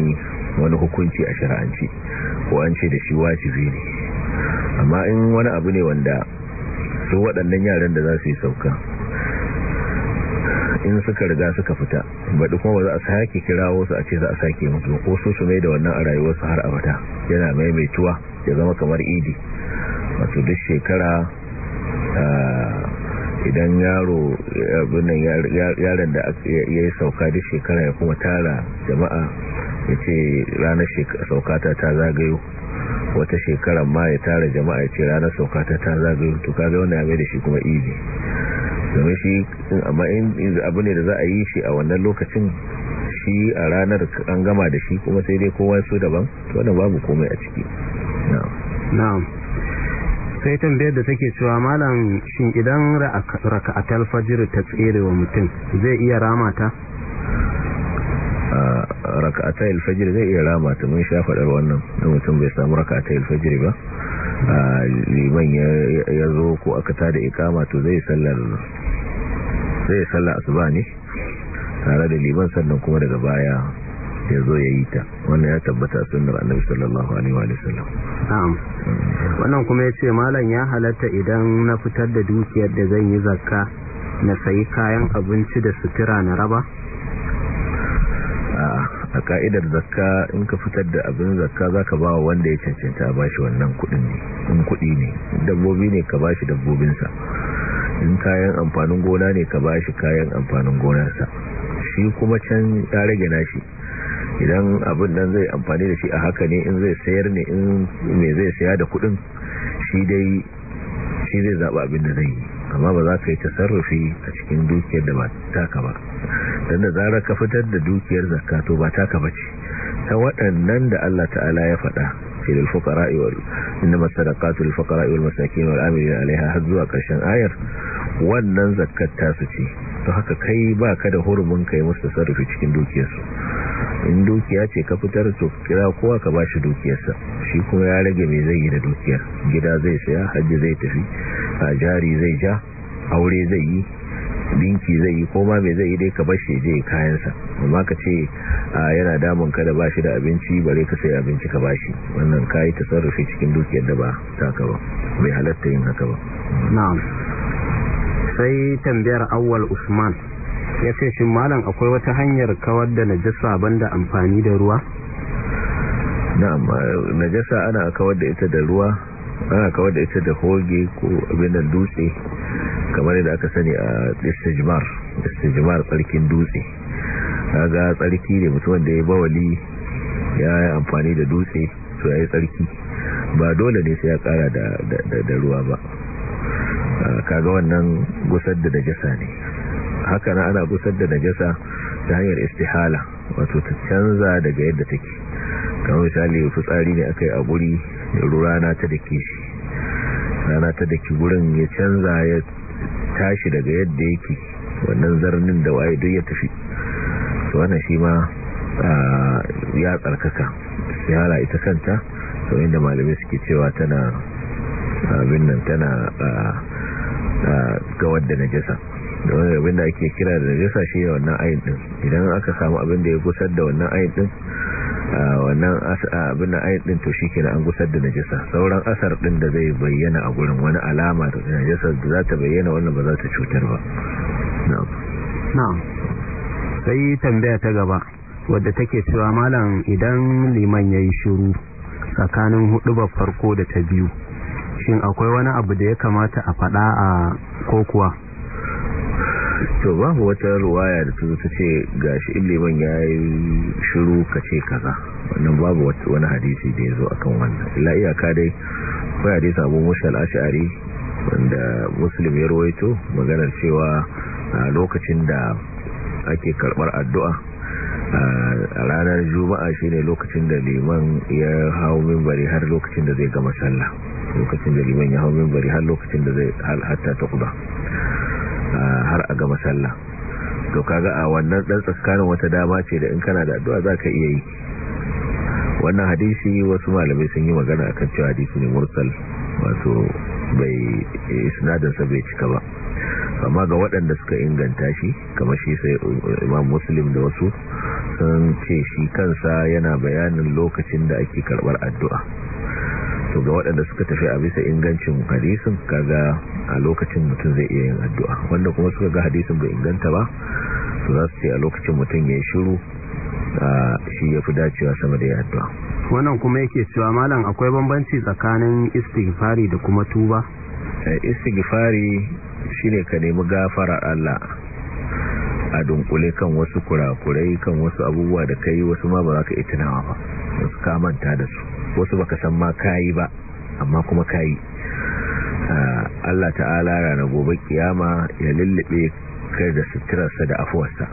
wani hukunci a shari'anci ko an ce da shi wajibi ne amma in wani abu ne wanda su waɗannan yaran da za su yi sauka in suka riga suka fita baɗi kuma ba za a sake kira wasu a ce za a sake mutu ko su su mai da wannan a rayuwarsu har a fata yana maimaituwa ya zama kamar idi wato duk shekara ah, idan yaro abinan yaron da ya yi sauka duk shekara ya kuma tara jama'a ya ce ranar saukata ta zagayo wata shekarar ma ya tara jama'a ya ce ranar saukata ta zagayo to kaga wanda ya mai da shi kuma idi domin shi amma abu ne da za a yi shi a wannan lokacin shi a ranar an gama da shi kuma sai dai kowa su daban to babu komai a ciki na'am sai tambayar da take cewa malam shin idan raka'atul fajr ta tsere wa mutum zai iya ramata raka'atul fajr zai iya ramata mun sha fadar wannan da mutum bai samu raka'atul fajr ba liman ya zo ko aka tada ikama to zai sallar zai sallar asuba ne tare da liman sannan kuma daga baya ya zo ya yi ta wannan ya tabbata sunnar annabi sallallahu alaihi wa sallam wannan kuma yace malam ya halatta idan na fitar da dukiyar da zan yi zakka na sayi kayan abinci da sutura na raba a ka'idar zakka in ka fitar da abin zakka za ka ba wa wanda ya cancanta a bashi wannan kudin ne in kudi ne dabbobi ne ka bashi dabbobinsa in kayan amfanin gona ne ka bashi kayan amfanin gonarsa shi kuma can ya rage nashi idan abin nan zai amfani da shi a haka ne in zai sayar ne in me zai saya da kudin shi dai shi zai zaba abin da zai yi amma ba za ka yi tasarrufi a cikin dukiyar da ba taka ba don da zarar ka fitar da dukiyar zakka to ba taka ba ce ta waɗannan da Allah ta'ala ya faɗa ce da fukara iwal inda masadakatu da fukara iwal masakin wal amiri alaiha har zuwa ƙarshen ayar wannan zakkata su ce to haka kai ba ka da hurumin kai musu sarrafi cikin dukiyarsu in dukiya ce ka fitar to kira kowa ka bashi dukiyarsa shi kuma ya rage mai zai yi da dukiyar gida zai saya hajji zai tafi a jari zai ja aure zai yi dinki zai yi koma mai zai yi dai ka bashi je kayansa amma ka ce yana damun ka da bashi da abinci bare ka sai abinci ka bashi wannan ka yi tasarrufi cikin dukiyar da ba taka ba bai halatta yin haka ba na'am sai tambayar awwal usman ya ce shi malam akwai wata hanyar kawar da najasa banda amfani da ruwa na'am eh, najasa ana kawar da ita da ruwa ana kawar da ita da hoge ko abin da dutse kamar yadda aka sani a istijmar istijmar tsarkin dutse kaga tsarki ne mutum da ya bawali ya yi amfani da dutse to ya yi tsarki ba dole ne sai ya kara da ruwa ba ah, kaga wannan gusar da najasa ne haka na ana busar da najasa ta hanyar istihala wato ta canza daga yadda take kamar misali fitsari ne aka yi a guri da rana ta dake shi rana ta ke gurin ya canza ya tashi daga yadda yake wannan zarnin da waye duk ya tafi to wannan shi ma ya tsarkaka istihala ita kanta sau inda malamai suke cewa tana abin nan tana ga wadda najasa da wani abin da ake kira da najasa shi ne wannan ayin din idan aka samu abin da ya gusar da wannan ayin din wannan abin da ayin din to shike an gusar da najasa sauran asar din da zai bayyana a gurin wani alama da najasa da za ta bayyana wannan ba za ta cutar ba na'am sai tambaya ta gaba wadda take cewa malam idan liman yi shiru tsakanin hudu farko da ta biyu shin akwai wani abu da ya kamata a faɗa a kokuwa to babu wata ruwaya da ta zata ce shi iliman ya yi shiru ka ce kaza wannan babu wani hadisi da ya zo a kan wannan ila iyaka dai ya dai abu mushal ashari wanda musulmi ya rawaito maganar cewa a lokacin da ake karbar addu'a a ranar juma'a shi ne lokacin da liman ya hau mimbari har lokacin da zai gama sallah lokacin da liman ya hau mimbari har lokacin da zai hatta ta kuda har a gama sallah to kaga a wannan dan tsakanin wata dama ce da in kana da addu'a zaka iya yi wannan hadisi wasu malamai sun yi magana akan cewa hadisi ne mursal wato bai sa bai cika ba amma ga waɗanda suka inganta shi kamar shi sai imam muslim da wasu sun ce shi kansa yana bayanin lokacin da ake karɓar addu'a to ga waɗanda suka tafi a bisa ingancin hadisin kaga a lokacin mutum zai iya yin addu'a wanda kuma suka ga hadisin bai inganta ba su za su ce a lokacin mutum ya yi shiru shi ya fi dacewa sama da ya addu'a wannan kuma yake cewa malam akwai bambanci tsakanin istighfari da kuma tuba eh, istighfari shine ka nemi gafara Allah a dunkule kan wasu kurakurai kan wasu abubuwa da kai wasu ma ba za ka itinawa ba su ka manta da su wasu baka san ma kayi ba amma kuma kayi ah, Allah ta'ala rana gobe kiyama ya lullube kai da suturarsa da afuwarsa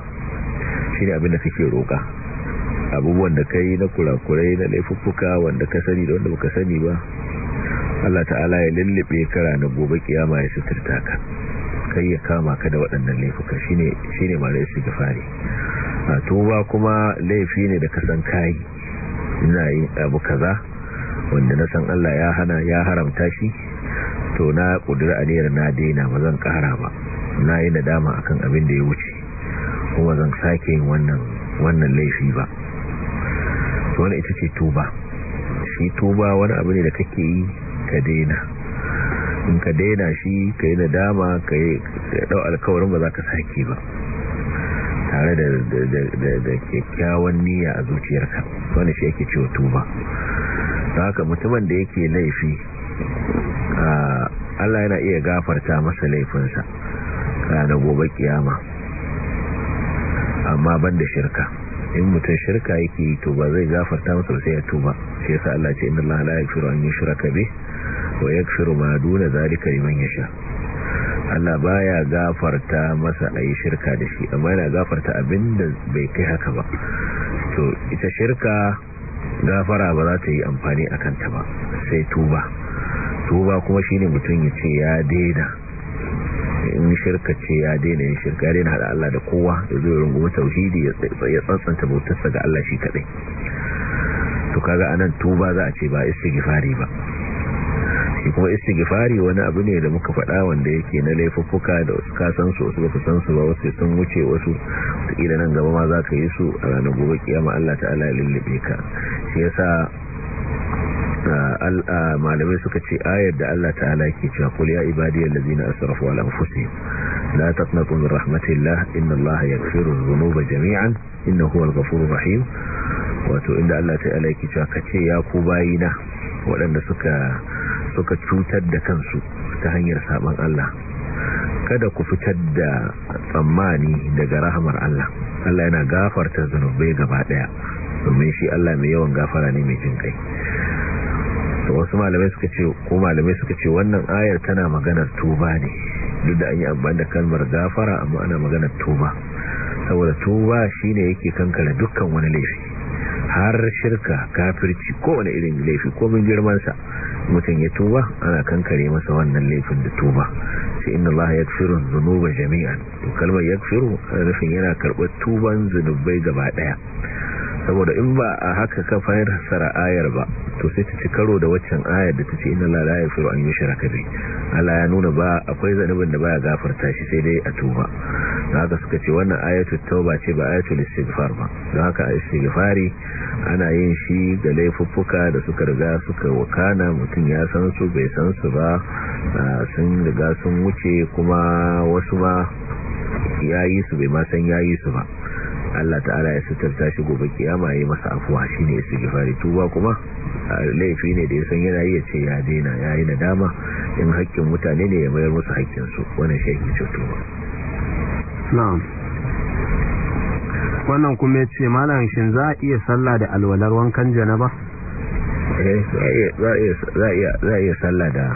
shi ne abinda kake roƙa abubuwan da kai na kurakurai na laifuffuka wanda ka sani da wanda baka sani ba Allah ta'ala ya lullube ka rana gobe kiyama ya suturta ka kai ya kama ka da waɗannan laifuka shine shine malai gafari a ah, tuba kuma laifi ne da kasan kayi ina yin abu kaza wanda na san Allah ya hana ya haramta shi to na kudura aniyar na daina ba zan kara ba na yi nadama akan abin da ya wuce kuma zan sake yin wannan wannan laifi ba to wani ita ce tuba shi tuba wani abu ne da kake yi ka daina in ka daina shi ka yi nadama ka yi dau alkawarin ba za ka sake ba tare da da kyakkyawan niyya a zuciyarka wanda shi yake cewa tuba da haka mutumin da yake laifi Allah yana iya gafarta masa laifinsa na gobe kiyama amma banda shirka in mutum shirka yake yi to ba zai gafarta masa sai ya tuba shi yasa Allah ce inna Allah la yaghfiru an yushraka bih wa yaghfiru ma duna zalika liman yasha Allah baya gafarta masa ayi shirka da shi amma yana gafarta abinda bai kai haka ba to ita shirka gafara ba za ta yi amfani a kanta ba sai tuba tuba kuma shine mutum ya ce ya daina in shirka ce ya daina yin shirka ya daina hada Allah da kowa ya zo ya tauhidi ya tsantsanta bautarsa ga Allah shi kadai to kaga anan tuba za a ce ba istighfari ba shi kuma istighfari wani abu ne da muka faɗa wanda yake na laifuffuka da wasu kasan su wasu baka san su ba wasu sun wuce wasu kila nan gaba ma ka yi su a ranar gobe kiyama Allah ta'ala ya lullube ka shi yasa malamai suka ce ayar da Allah ta'ala ke cewa qul ya ibadiyal ladina asrafu ala anfusihim la taqnatu min rahmatillah inna Allah yaghfiru dhunuba jami'an innahu huwal ghafurur rahim wato inda Allah ta'ala yake cewa kace ya ku bayina waɗanda suka suka cutar da kansu ta hanyar saban Allah kada ku fitar da tsammani daga rahamar Allah Allah yana gafarta zunubai gaba daya domin shi Allah mai yawan gafara ne mai jin kai to wasu malamai suka ce ko malamai suka ce wannan ayar tana maganar tuba ne duk da an yi amfani da kalmar gafara amma ana maganar tuba saboda tuba shine yake kankare dukkan wani laifi har shirka kafirci ko wani irin laifi ko min girman sa mutum ya tuba ana kankare masa wannan laifin da tuba sai inna allaha yaghfiru dhunuba jami'an to kalmar yaghfiru ana nufin yana karɓar tuban zunubai gaba daya saboda in ba a haka ka fassara ayar ba to sai ta ci karo da waccan ayar da ta ce inna la yaghfiru an yushraka bi Allah ya nuna ba akwai zanubin da baya gafarta shi sai dai a tuba da haka suka ce wannan ayatu tauba ce ba ayatu istighfar ba don haka istighfari ana yin shi ga laifuffuka da suka riga suka wakana mutum ya san su bai san su ba sun riga sun wuce kuma wasu ba ya su bai ma san ya su ba Allah ta'ala ya sutarta shi gobe kiyama yayi masa afuwa shine istighfari tuba kuma laifi ne da ya san yana iya ce ya daina yayi nadama in haƙƙin mutane ne ya mayar musu haƙƙin su wannan shi yake tuba na'am wannan kuma yace malam shin za a iya sallah da alwalar wankan janaba eh, za a iya za sallah da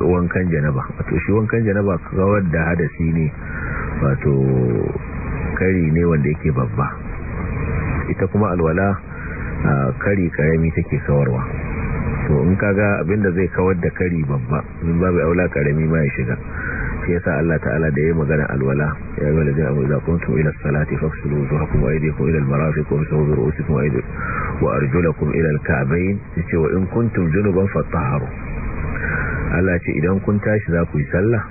wankan janaba wato shi wankan janaba kawar da hadasi ne wato kari ne wanda yake babba ita kuma alwala kari karami take kawarwa to in kaga abinda zai kawar da kari babba in babu aula karami ma ya shiga shi yasa Allah ta'ala da yayi magana alwala ya yi walidin abu idza kuntum ila salati faghsilu wujuhakum wa aydiyakum ila al-marafiq wamsahu bi wa aydiyakum wa arjulakum ila al yace wa in kuntum junuban fatahharu Allah ce idan kun tashi za ku yi sallah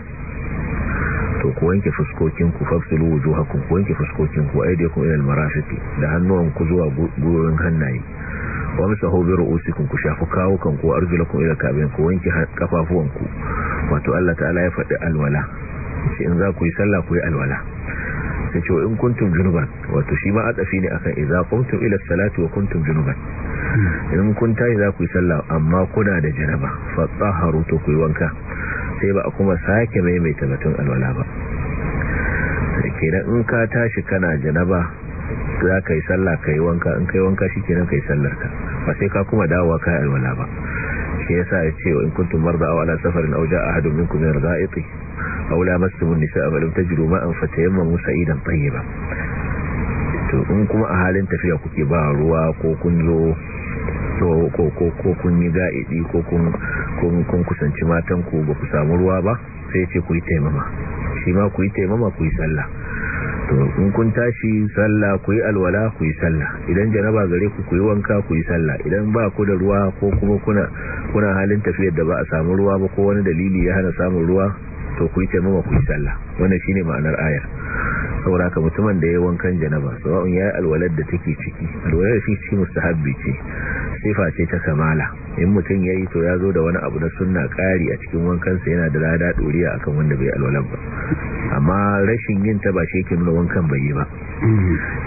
to ku wanke fuskokin ku fafsilu wujuhakum ku wanke fuskokin ku aydiyakum ila almarafiqi da hannuwan ku zuwa gurin hannaye wa masahu bi ru'usikum ku shafu kawukan ku arjulakum ila kabin ku wanke kafafuwan ku wato Allah ta'ala ya faɗi alwala shi in za ku yi sallah ku yi alwala sai ce in kuntum junuban wato shi ma atafi ne akan idza qumtum ila salati wa kuntum junuban hmm. in kun tayi za ku yi sallah amma kuna da janaba fa tsaharu to ku yi wanka sai ba a kuma sake maimaita batun alwala ba kenan in ka tashi kana janaba za ka yi sallah ka yi wanka in ka yi wanka shi kenan ka yi ka ba sai ka kuma dawowa ka yi alwala ba shi ya sa ya ce in kuntun marza awa ala safarin auja jaa ahadun minkum min ghaibi aw lamastum an-nisaa falam tajidu ma'an fatayammamu sa'idan ba to in kuma a halin tafiya kuke ba ruwa ko kun zo ko ko kun yi ga'idi ko kun kusanci matan ku ba ku samu ruwa ba sai ce ku yi taimama shi ma ku yi taimama ku yi sallah to in kun tashi sallah ku yi alwala ku yi sallah idan janaba gare ku ku yi wanka ku yi sallah idan ba ku da ruwa ko kuma kuna kuna halin tafiyar da ba a samu ruwa ba ko wani dalili ya hana samun ruwa to ku yi taimama ku yi sallah wannan shine ma'anar ayar saboda ka mutumin da ya wankan janaba sabon ya yi alwalar da take ciki alwalar shi ciki mustahabbi ce sifa ce ta kamala in mutum ya yi to ya zo da wani abu na sunna kari a cikin wankansa yana da lada ɗoriya akan wanda bai alwalar ba amma rashin yin ta ba shi yake nuna wankan bai yi ba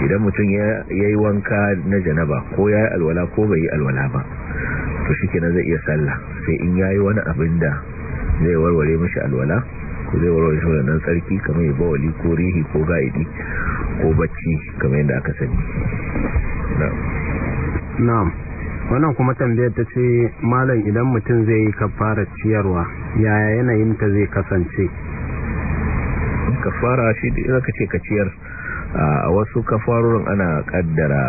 idan mutum ya yi wanka na janaba ko ya yi alwala ko bai yi alwala ba to shi kenan zai iya sallah sai in ya yi wani abin da zai warware mashi alwala ko zai warware shi wadannan tsarki kamar ya bawali ko rihi ko ga'idi ko bacci kamar yadda aka sani na'am wannan kuma tambayar ta ce malam idan mutum zai yi kafara ciyarwa yaya yanayin ta zai kasance kafara shi da zaka ce ka ciyar a wasu kafarorin ana kaddara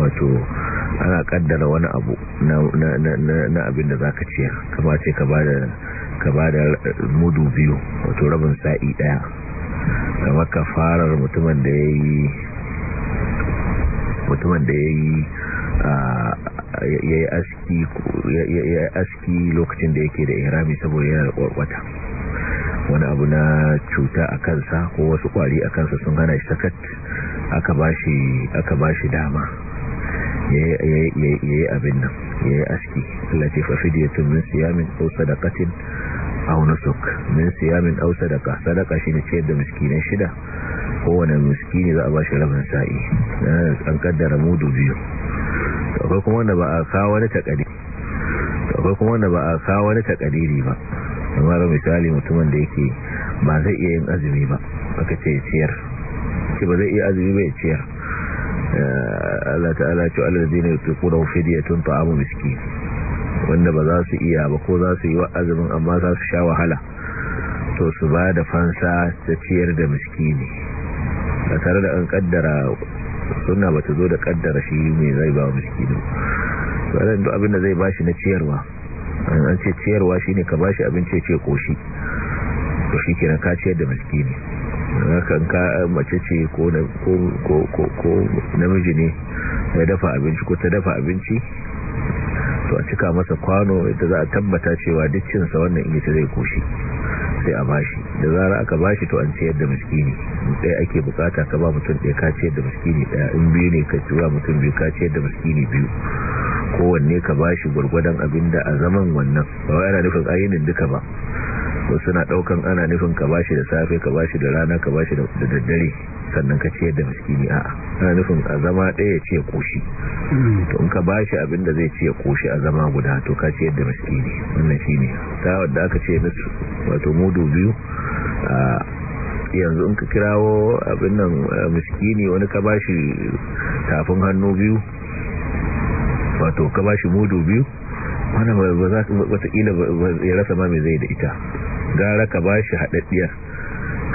wato ana kaddara wani abu na abin da zaka ciyar kama ce ka bada ka ba da mudu biyu wato rabin sa'i daya kamar ka farar mutumin da ya yi ya yi aski lokacin da yake da irami saboda yana da kwarkwata wani abu na cuta a kansa ko wasu kwari a kansa sun hana shi sakat aka ba shi dama ya yi abin nan ya yi aski latifa fidiyatun min siyamin ko sadakatin aw nusuk min siyamin aw sadaqa sadaqa shine ciyar da miskinai shida kowane miskini za a ba shi rabin sa'i an kaddara mudu biyu akwai kuma wanda ba a kawo wani takadiri akwai kuma wanda ba a kawo wani takadiri ba kamar misali mutumin da yake ba zai iya yin azumi ba aka ce ciyar ce ba zai iya azumi ba ya ciyar Allah ta'ala ce Allah zai ne tuku da fidiyatun ta'amu miskin wanda ba za su iya ba ko za su yi wa azumin amma za su sha wahala to su ba da fansa ta ciyar da miskini a tare da an kaddara suna ba ta zo da kaddara shi mai zai ba miskini tsarin duk abinda zai ba shi na ciyarwa an ce ciyarwa shi ne ka ba shi abinci ce koshi to shi kenan ka ciyar da miskini kan ka mace ce ko namiji ne ya dafa abinci ko ta dafa abinci to a cika masa kwano da za a tabbata cewa duk sa wannan in zai koshi sai a bashi da zara aka bashi to an ci yadda miskini ɗaya ake bukata ka ba mutum ɗaya ka ci yadda miskini ɗaya in biyu ne ka tura mutum biyu ka ci yadda miskini biyu kowanne ka bashi gwargwadon abin da a zaman wannan ba wai ana nufin ayinin duka ba ko suna daukan ana nufin ka bashi da safe ka bashi da rana ka bashi da daddare sannan ka ciyar da miskini a'a ana nufin a zama daya ce koshi to in ka bashi abin da zai ciye koshi a zama guda to ka ciyar da miskini wannan shine ta wanda aka ce musu wato mudu biyu yanzu in ka kirawo abin nan miskini wani ka bashi tafin hannu biyu wato ka bashi mudu biyu wani ba za wataƙila ya rasa ma mai zai da ita gara ka bashi haɗaɗɗiyar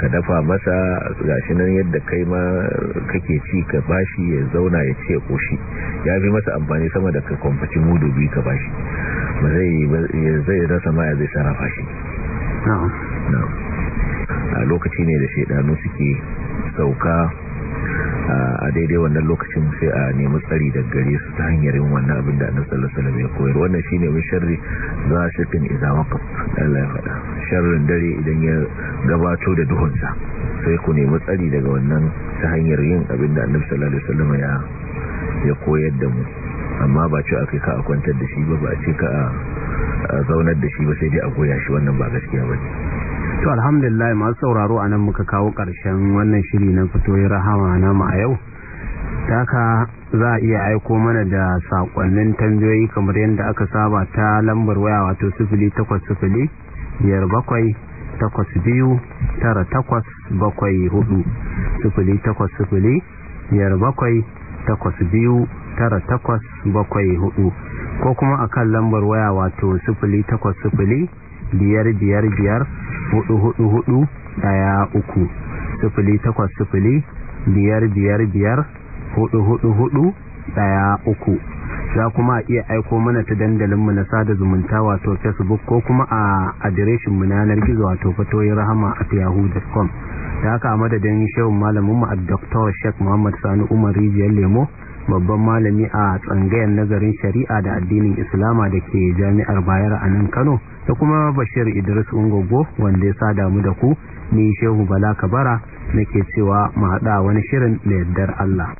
ka dafa masa gashi nan yadda kai ma kake ci ka bashi ya zauna ya ce koshi ya fi masa amfani sama da ka kwamfaci mudu biyu ka bashi ba zai rasa ma ya zai sarrafa shi a lokaci ne da shaidanu suke sauka a daidai wannan lokacin sai a nemi tsari da gare su ta hanyar yin wannan abin da annabi sallallahu alaihi ya koyar wannan shine min sharri za idza waqaf Allah ya faɗa sharrin dare idan ya gabato da duhunsa sai ku nemi tsari daga wannan ta hanyar yin abin da annabi sallallahu alaihi wasallam ya ya koyar da mu amma ba ce akai ka a kwantar da shi ba ba ce ka a zaunar da shi ba sai dai a goya shi wannan ba gaskiya bane to alhamdulillah masu sauraro a nan muka kawo ƙarshen wannan shiri na fitoyi rahama namu a yau taka za a iya aiko mana da saƙonnin tambayoyi kamar yadda aka saba ta lambar waya wato sufili takwas sufili biyar bakwai takwas biyu tara takwas bakwai hudu sufili takwas sufili biyar bakwai takwas biyu tara takwas bakwai hudu ko kuma akan lambar waya wato sufili takwas sufili. biyar biyar biyar hudu hudu hudu daya uku sifili takwas sifili biyar biyar biyar hudu hudu hudu daya uku za kuma a iya aiko mana ta dandalinmu na sada zumunta wato facebook ko kuma a adireshin na yanar gizo wato fatoyin rahama at yahoo.com da haka a madadin shehun malaminmu a dr sheik muhammad sani umar rijiyar lemo babban malami a tsangayar nazarin shari'a da addinin islama da ke jami'ar bayar a nan kano da kuma bashir idris ungogo wanda ya sada mu da ku ni shehu bala kabara nake cewa mu haɗa wani shirin da yardar allah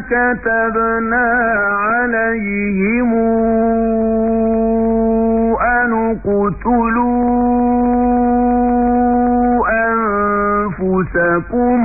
كتبنا عليهم an أنفسكم